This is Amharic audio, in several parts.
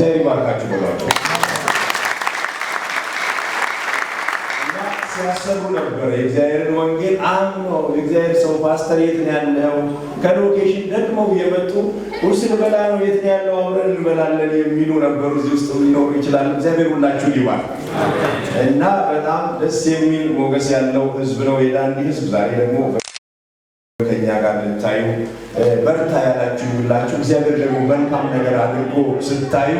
እግዚአብሔር ይባርካችሁ በሏቸው። እና ሲያሰሩ ነበር የእግዚአብሔርን ወንጌል አምነው የእግዚአብሔር ሰው ፓስተር የት ነው ያለው? ከሎኬሽን ደግመው የመጡ ቁርስ ልበላ ነው የት ነው ያለው? አብረን እንበላለን የሚሉ ነበሩ። እዚህ ውስጥ ሊኖሩ ይችላል። እግዚአብሔር ሁላችሁ ይባል እና በጣም ደስ የሚል ሞገስ ያለው ህዝብ ነው የዳኒ ህዝብ ዛሬ ደግሞ ከኛ ጋር ልታዩ በርታ ያላችሁ ሁላችሁ እግዚአብሔር ደግሞ መልካም ነገር አድርጎ ስታዩ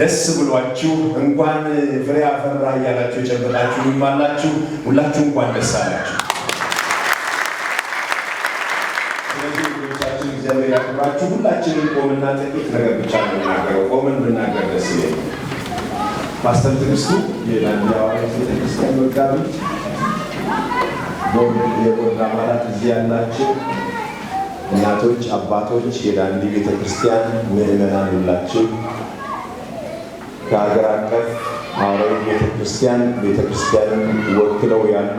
ደስ ብሏችሁ እንኳን ፍሬ አፈራ እያላችሁ የጨበጣችሁ ይማላችሁ ሁላችሁ እንኳን ደስ አላችሁ። ስለዚህ ሁሎቻችን እግዚአብሔር ያክብራችሁ። ሁላችንም ቆምና ጥቂት ነገር ብቻ ነው ቆምን ብናገር ደስ ይለኝ። ፓስተር ትግስቱ የላንዲያዋ ቤተክርስቲያን መጋቢ ቦርድ የቦርድ አባላት እዚህ ያላችሁ እናቶች፣ አባቶች፣ የዳንዲ ቤተክርስቲያን ምዕመናን ሁላችሁ ከሀገር አቀፍ ሐዋርያዊት ቤተክርስቲያን ቤተክርስቲያንን ወክለው ያሉ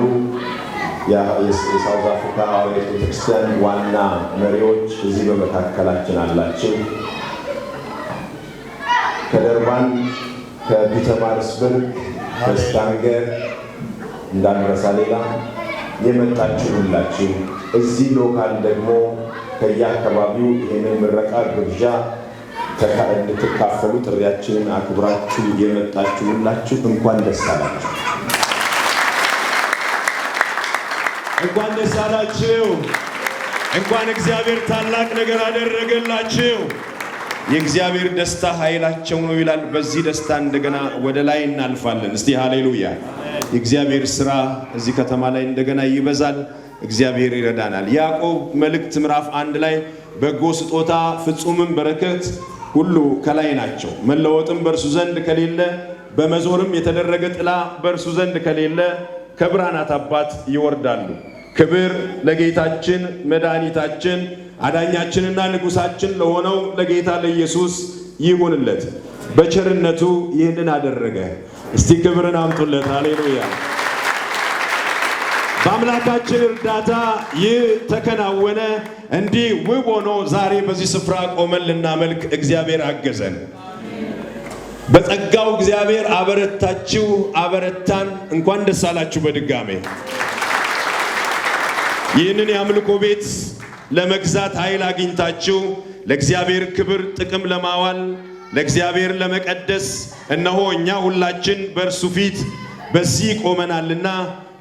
የሳውዝ አፍሪካ ሐዋርያዊት ቤተክርስቲያን ዋና መሪዎች እዚህ በመካከላችን አላችሁ። ከደርባን ከፒተርማሪትስበርግ ከስታንገር እንዳንረሳ ሌላ የመጣችሁ ሁላችሁ እዚህ ሎካል ደግሞ ከየአካባቢው ይህንን ምረቃ ግብዣ እንድትካፈሉ ጥሪያችንን አክብራችሁ የመጣችሁ ሁላችሁ እንኳን ደስ አላችሁ፣ እንኳን ደስ አላችሁ። እንኳን እግዚአብሔር ታላቅ ነገር አደረገላችሁ። የእግዚአብሔር ደስታ ኃይላቸው ነው ይላል። በዚህ ደስታ እንደገና ወደ ላይ እናልፋለን። እስቲ ሃሌሉያ የእግዚአብሔር ስራ እዚህ ከተማ ላይ እንደገና ይበዛል። እግዚአብሔር ይረዳናል። ያዕቆብ መልእክት ምዕራፍ አንድ ላይ በጎ ስጦታ ፍጹምም በረከት ሁሉ ከላይ ናቸው፣ መለወጥም በእርሱ ዘንድ ከሌለ፣ በመዞርም የተደረገ ጥላ በእርሱ ዘንድ ከሌለ ከብርሃናት አባት ይወርዳሉ። ክብር ለጌታችን መድኃኒታችን አዳኛችንና ንጉሳችን ለሆነው ለጌታ ለኢየሱስ ይሁንለት። በቸርነቱ ይህንን አደረገ። እስቲ ክብርን አምጡለት። ሃሌሉያ። በአምላካችን እርዳታ ይህ ተከናወነ። እንዲህ ውብ ሆኖ ዛሬ በዚህ ስፍራ ቆመን ልናመልክ እግዚአብሔር አገዘን። በጸጋው እግዚአብሔር አበረታችሁ፣ አበረታን። እንኳን ደስ አላችሁ በድጋሜ ይህንን የአምልኮ ቤት ለመግዛት ኃይል አግኝታችሁ ለእግዚአብሔር ክብር ጥቅም ለማዋል ለእግዚአብሔር ለመቀደስ እነሆ እኛ ሁላችን በእርሱ ፊት በዚህ ቆመናልና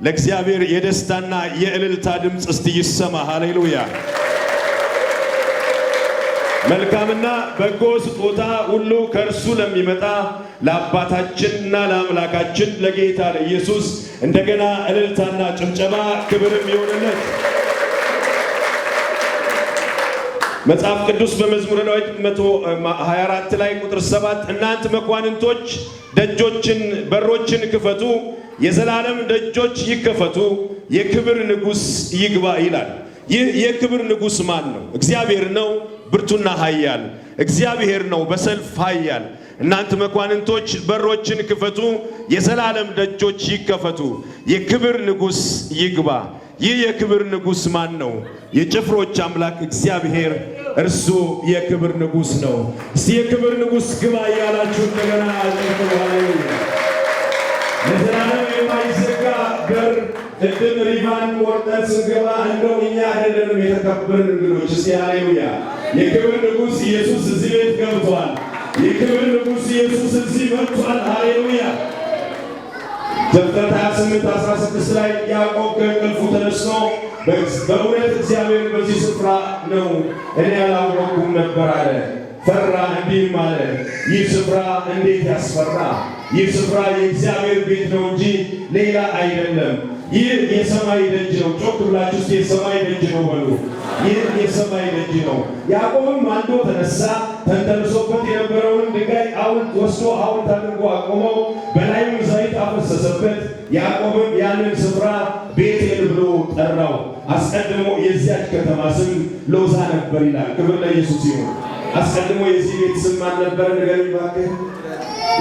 ለእግዚአብሔር የደስታና የእልልታ ድምፅ እስቲ ይሰማ። ሃሌሉያ! መልካምና በጎ ስጦታ ሁሉ ከእርሱ ለሚመጣ ለአባታችንና ለአምላካችን ለጌታ ለኢየሱስ እንደገና እልልታና ጭብጨባ ክብርም ይሆንለት። መጽሐፍ ቅዱስ በመዝሙረ ዳዊት 124 ላይ ቁጥር 7 እናንት መኳንንቶች ደጆችን በሮችን ክፈቱ፣ የዘላለም ደጆች ይከፈቱ፣ የክብር ንጉሥ ይግባ ይላል። ይህ የክብር ንጉሥ ማን ነው? እግዚአብሔር ነው፣ ብርቱና ኃያል እግዚአብሔር ነው፣ በሰልፍ ኃያል። እናንት መኳንንቶች በሮችን ክፈቱ፣ የዘላለም ደጆች ይከፈቱ፣ የክብር ንጉሥ ይግባ ይህ የክብር ንጉሥ ማን ነው? የጭፍሮች አምላክ እግዚአብሔር እርሱ የክብር ንጉሥ ነው። እስቲ የክብር ንጉሥ ግባ እያላችሁ እንደገና ጨፍሩ። ለዘላለም የማይዘጋ በር እድም ሪቫን ወርጠን ስንገባ እንደው እኛ አይደለንም የተከበርን እንግዶች። እስቲ ሃሌሉያ! የክብር ንጉሥ ኢየሱስ እዚህ ቤት ገብቷል። የክብር ንጉሥ ኢየሱስ እዚህ መጥቷል። ሃሌሉያ! ዘፍጥረት 28 16 ላይ ያዕቆብ ከእንቅልፉ ተነስቶ በእውነት እግዚአብሔር በዚህ ስፍራ ነው፣ እኔ ያላወቅኩም ነበር አለ። ፈራ፣ እንዲህም አለ፣ ይህ ስፍራ እንዴት ያስፈራ! ይህ ስፍራ የእግዚአብሔር ቤት ነው እንጂ ሌላ አይደለም። ይህ የሰማይ ደጅ ነው። ጮክ ብላችሁ እስቲ የሰማይ ደጅ ነው በሉ። ይህ የሰማይ ደጅ ነው። ያዕቆብም ማልዶ ተነሳ፣ ተንተርሶበት የነበረውን ድንጋይ አውል ወስዶ ሐውልት አድርጎ አቆመው፣ በላዩም ዘይት አፈሰሰበት። ያዕቆብም ያንን ስፍራ ቤቴል ብሎ ጠራው። አስቀድሞ የዚያች ከተማ ስም ሎዛ ነበር ይላል። ክብር ለኢየሱስ ይሁን። አስቀድሞ የዚህ ቤት ስም አልነበረ ነገር ባክ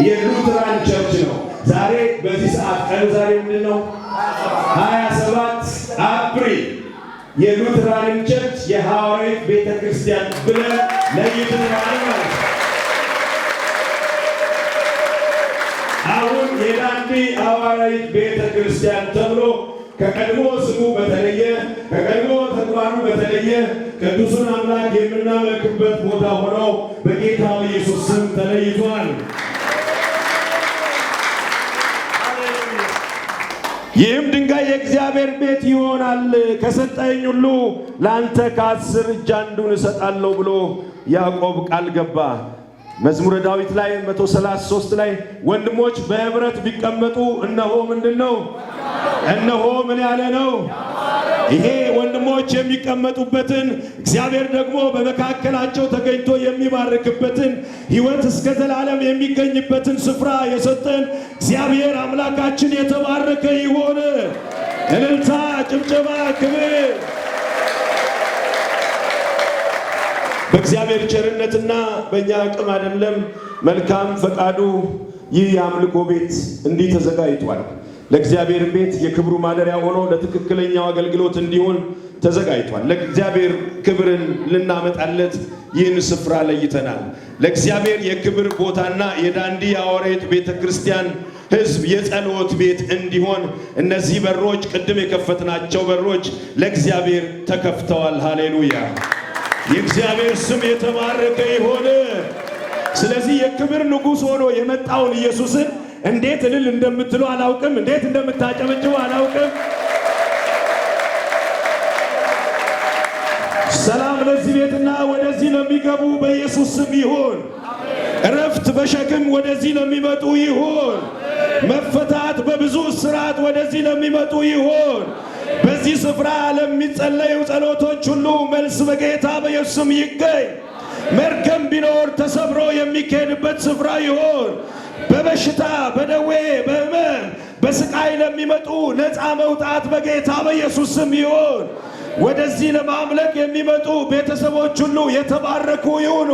የሉትራን ቸርች ነው ዛሬ በዚህ ሰዓት ቀኑ ዛሬ ምንድን ነው? 27 አፕሪል የሉትራን ቸርች የሐዋርያት ቤተ ክርስቲያን ብለን ለይትን ማለት ነው። አሁን የዳንዲ ሐዋርያት ቤተ ክርስቲያን ተብሎ ከቀድሞ ስሙ በተለየ ከቀድሞ ተግባሩ በተለየ ቅዱሱን አምላክ የምናመልክበት ቦታ ሆኖ በጌታው ኢየሱስ ስም ተለይቷል። ይህም ድንጋይ የእግዚአብሔር ቤት ይሆናል፣ ከሰጠኝ ሁሉ ለአንተ ከአስር እጅ አንዱን እሰጣለሁ ብሎ ያዕቆብ ቃል ገባ። መዝሙረ ዳዊት ላይ 133 ላይ ወንድሞች በህብረት ቢቀመጡ እነሆ ምንድን ነው? እነሆ ምን ያለ ነው ይሄ ባለሟዎች የሚቀመጡበትን እግዚአብሔር ደግሞ በመካከላቸው ተገኝቶ የሚባርክበትን ሕይወት እስከ ዘላለም የሚገኝበትን ስፍራ የሰጠን እግዚአብሔር አምላካችን የተባረከ ይሆን። እልልታ፣ ጭብጨባ፣ ክብር በእግዚአብሔር ቸርነትና በእኛ አቅም አይደለም። መልካም ፈቃዱ ይህ የአምልኮ ቤት እንዲህ ተዘጋጅቷል። ለእግዚአብሔር ቤት የክብሩ ማደሪያ ሆኖ ለትክክለኛው አገልግሎት እንዲሆን ተዘጋጅቷል። ለእግዚአብሔር ክብርን ልናመጣለት ይህን ስፍራ ለይተናል። ለእግዚአብሔር የክብር ቦታና የዳንዲ አወሬት ቤተ ክርስቲያን ሕዝብ የጸሎት ቤት እንዲሆን እነዚህ በሮች ቅድም የከፈትናቸው በሮች ለእግዚአብሔር ተከፍተዋል። ሃሌሉያ! የእግዚአብሔር ስም የተባረከ ይሆን። ስለዚህ የክብር ንጉሥ ሆኖ የመጣውን ኢየሱስን እንዴት እልል እንደምትሉ አላውቅም። እንዴት እንደምታጨበጭቡ አላውቅም። ሰላም ለዚህ ቤትና ወደዚህ ለሚገቡ በኢየሱስ ስም ይሁን። እረፍት በሸክም ወደዚህ ለሚመጡ ይሁን። መፈታት በብዙ ስርዓት ወደዚህ ለሚመጡ ይሁን። በዚህ ስፍራ ለሚጸለዩ ጸሎቶች ሁሉ መልስ በጌታ በኢየሱስ ስም ይገኝ። መርገም ቢኖር ተሰብሮ የሚካሄድበት ስፍራ ይሁን። በበሽታ በደዌ በመን በስቃይ ለሚመጡ ነፃ መውጣት በጌታ በኢየሱስ ስም ይሆን። ወደዚህ ለማምለክ የሚመጡ ቤተሰቦች ሁሉ የተባረኩ ይሁኑ።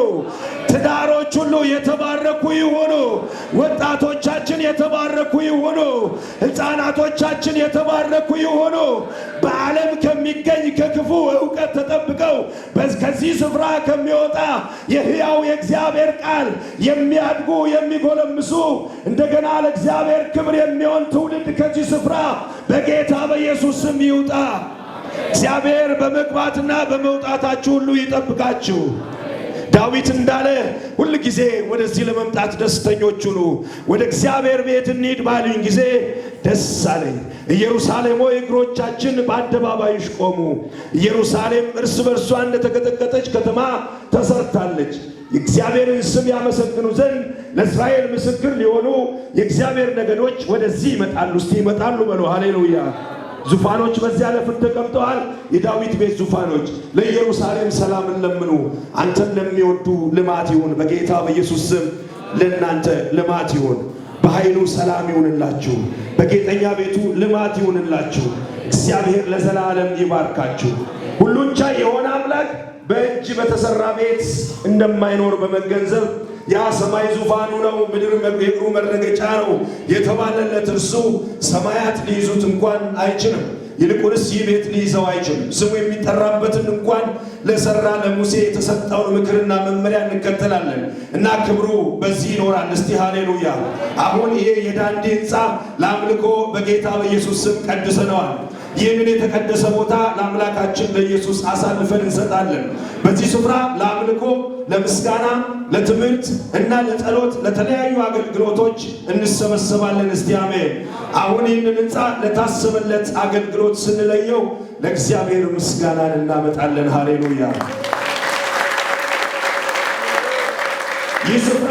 ትዳሮች ሁሉ የተባረኩ ይሁኑ። ወጣቶቻችን የተባረኩ ይሁኑ። ሕፃናቶቻችን የተባረኩ ይሁኑ። በዓለም ከሚገኝ ከክፉ እውቀት ተጠብቀው ከዚህ ስፍራ ከሚወጣ የሕያው የእግዚአብሔር ቃል የሚያድጉ የሚጎለምሱ፣ እንደገና ለእግዚአብሔር ክብር የሚሆን ትውልድ ከዚህ ስፍራ በጌታ በኢየሱስ ስም ይውጣ። እግዚአብሔር በመግባትና በመውጣታችሁ ሁሉ ይጠብቃችሁ። ዳዊት እንዳለ ሁል ጊዜ ወደዚህ ለመምጣት ደስተኞች ሁኑ። ወደ እግዚአብሔር ቤት እንሂድ ባሉኝ ጊዜ ደስ አለኝ። ኢየሩሳሌም ሆይ እግሮቻችን በአደባባይሽ ቆሙ። ኢየሩሳሌም እርስ በርሷ እንደተቀጠቀጠች ከተማ ተሰርታለች። የእግዚአብሔርን ስም ያመሰግኑ ዘንድ ለእስራኤል ምስክር ሊሆኑ የእግዚአብሔር ነገዶች ወደዚህ ይመጣሉ። እስቲ ይመጣሉ በሉ። ሃሌሉያ ዙፋኖች በዚያ ለፍት ተቀምጠዋል። የዳዊት ቤት ዙፋኖች ለኢየሩሳሌም ሰላምን ለምኑ። አንተን ለሚወዱ ልማት ይሁን። በጌታ በኢየሱስ ስም ለእናንተ ልማት ይሁን። በኃይሉ ሰላም ይሁንላችሁ። በጌጠኛ ቤቱ ልማት ይሁንላችሁ። እግዚአብሔር ለዘላለም ይባርካችሁ። ሁሉን ቻይ የሆነ አምላክ በእጅ በተሰራ ቤት እንደማይኖር በመገንዘብ ያ ሰማይ ዙፋኑ ነው፣ ምድር የእግሩ መረገጫ ነው የተባለለት እርሱ ሰማያት ሊይዙት እንኳን አይችልም። ይልቁንስ ይህ ቤት ሊይዘው አይችልም። ስሙ የሚጠራበትን እንኳን ለሰራ ለሙሴ የተሰጠውን ምክርና መመሪያ እንከተላለን እና ክብሩ በዚህ ይኖራል። እስቲ ሃሌሉያ! አሁን ይሄ የዳንዴ ሕንፃ ለአምልኮ በጌታ በኢየሱስ ስም ቀድሰነዋል። ይህንን የተቀደሰ ቦታ ለአምላካችን ለኢየሱስ አሳልፈን እንሰጣለን። በዚህ ስፍራ ለአምልኮ፣ ለምስጋና፣ ለትምህርት እና ለጸሎት ለተለያዩ አገልግሎቶች እንሰበሰባለን። እስቲ አሜን። አሁን ይህንን ሕንፃ ለታሰበለት አገልግሎት ስንለየው ለእግዚአብሔር ምስጋናን እናመጣለን። ሃሌሉያ። ይህ ስፍራ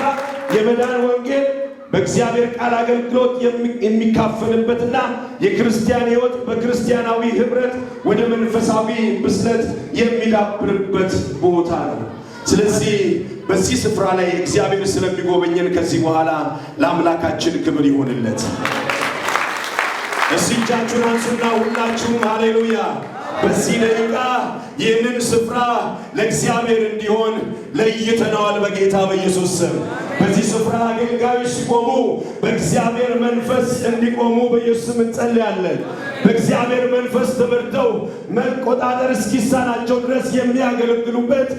የመዳን ወንጌል በእግዚአብሔር ቃል አገልግሎት የሚካፈልበትና የክርስቲያን ሕይወት በክርስቲያናዊ ህብረት ወደ መንፈሳዊ ብስለት የሚዳብርበት ቦታ ነው። ስለዚህ በዚህ ስፍራ ላይ እግዚአብሔር ስለሚጎበኘን ከዚህ በኋላ ለአምላካችን ክብር ይሆንለት። እስኪ እጃችሁን አንሱና ሁላችሁም ሃሌሉያ በዚህ ደቂቃ ይህንን ስፍራ ለእግዚአብሔር እንዲሆን ለይተነዋል። በጌታ በኢየሱስ ስም በዚህ ስፍራ አገልጋዮች ሲቆሙ በእግዚአብሔር መንፈስ እንዲቆሙ በኢየሱስ ስም እንጸልያለን። በእግዚአብሔር መንፈስ ተመርተው መቆጣጠር እስኪሳናቸው ድረስ የሚያገለግሉበት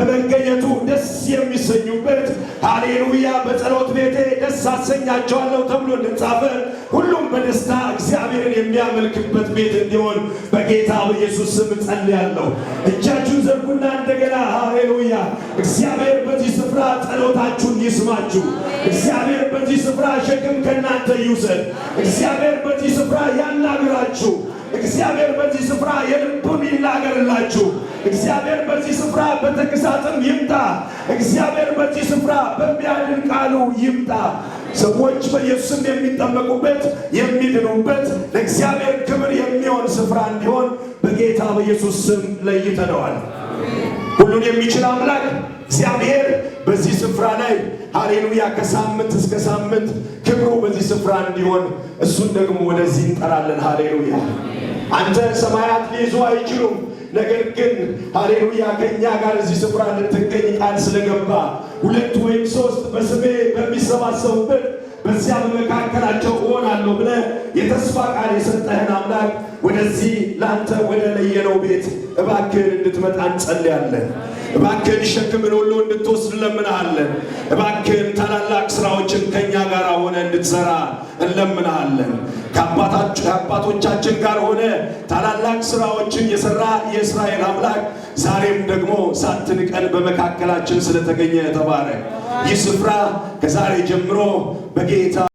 በመገኘቱ ደስ የሚሰኙበት ሃሌሉያ፣ በጸሎት ቤቴ ደስ አሰኛቸዋለሁ ተብሎ እንደጻፈ ሁሉም በደስታ እግዚአብሔርን የሚያመልክበት ቤት እንዲሆን በጌታ በኢየሱስ ስም ጸልያለሁ። እጃችሁን ዘርጉና እንደገና ሃሌሉያ፣ እግዚአብሔር በዚህ ስፍራ ጸሎታችሁን ይስማችሁ። እግዚአብሔር በዚህ ስፍራ ሸክም ከእናንተ ይውሰድ። እግዚአብሔር በዚህ ስፍራ ያናግራችሁ። እግዚአብሔር በዚህ ስፍራ የልቡን ይናገርላችሁ። እግዚአብሔር በዚህ ስፍራ በተግሳጽም ይምጣ። እግዚአብሔር በዚህ ስፍራ በሚያድን ቃሉ ይምጣ። ሰዎች በኢየሱስም የሚጠመቁበት የሚድኑበት ለእግዚአብሔር ክብር የሚሆን ስፍራ እንዲሆን በጌታ በኢየሱስ ስም ለይተነዋል። ሁሉን የሚችል አምላክ እግዚአብሔር በዚህ ስፍራ ላይ ሃሌሉያ፣ ከሳምንት እስከ ሳምንት ክብሩ በዚህ ስፍራ እንዲሆን እሱን ደግሞ ወደዚህ እንጠራለን። ሃሌሉያ አንተ ሰማያት ሊይዙ አይችሉም። ነገር ግን ሃሌሉያ ከእኛ ጋር እዚህ ስፍራ ልትገኝ ቃል ስለገባ ሁለት ወይም ሶስት በስሜ በሚሰባሰቡበት በዚያ በመካከላቸው እሆናለሁ ብለ የተስፋ ቃል የሰጠህን አምላክ ወደዚህ ለአንተ ወደ ለየነው ቤት እባክህን እንድትመጣ እንጸልያለን። እባክህን ሸክምን ሁሉ እንድትወስድ እንለምናሃለን። እባክህን ታላላቅ ስራዎችን ከእኛ ጋር ሆነ እንድትሰራ እንለምናሃለን። ከአባቶቻችን ጋር ሆነ ታላላቅ ስራዎችን የሰራ የእስራኤል አምላክ ዛሬም ደግሞ ሳትንቀን በመካከላችን ስለተገኘ ተባረክ። ይህ ስፍራ ከዛሬ ጀምሮ በጌታ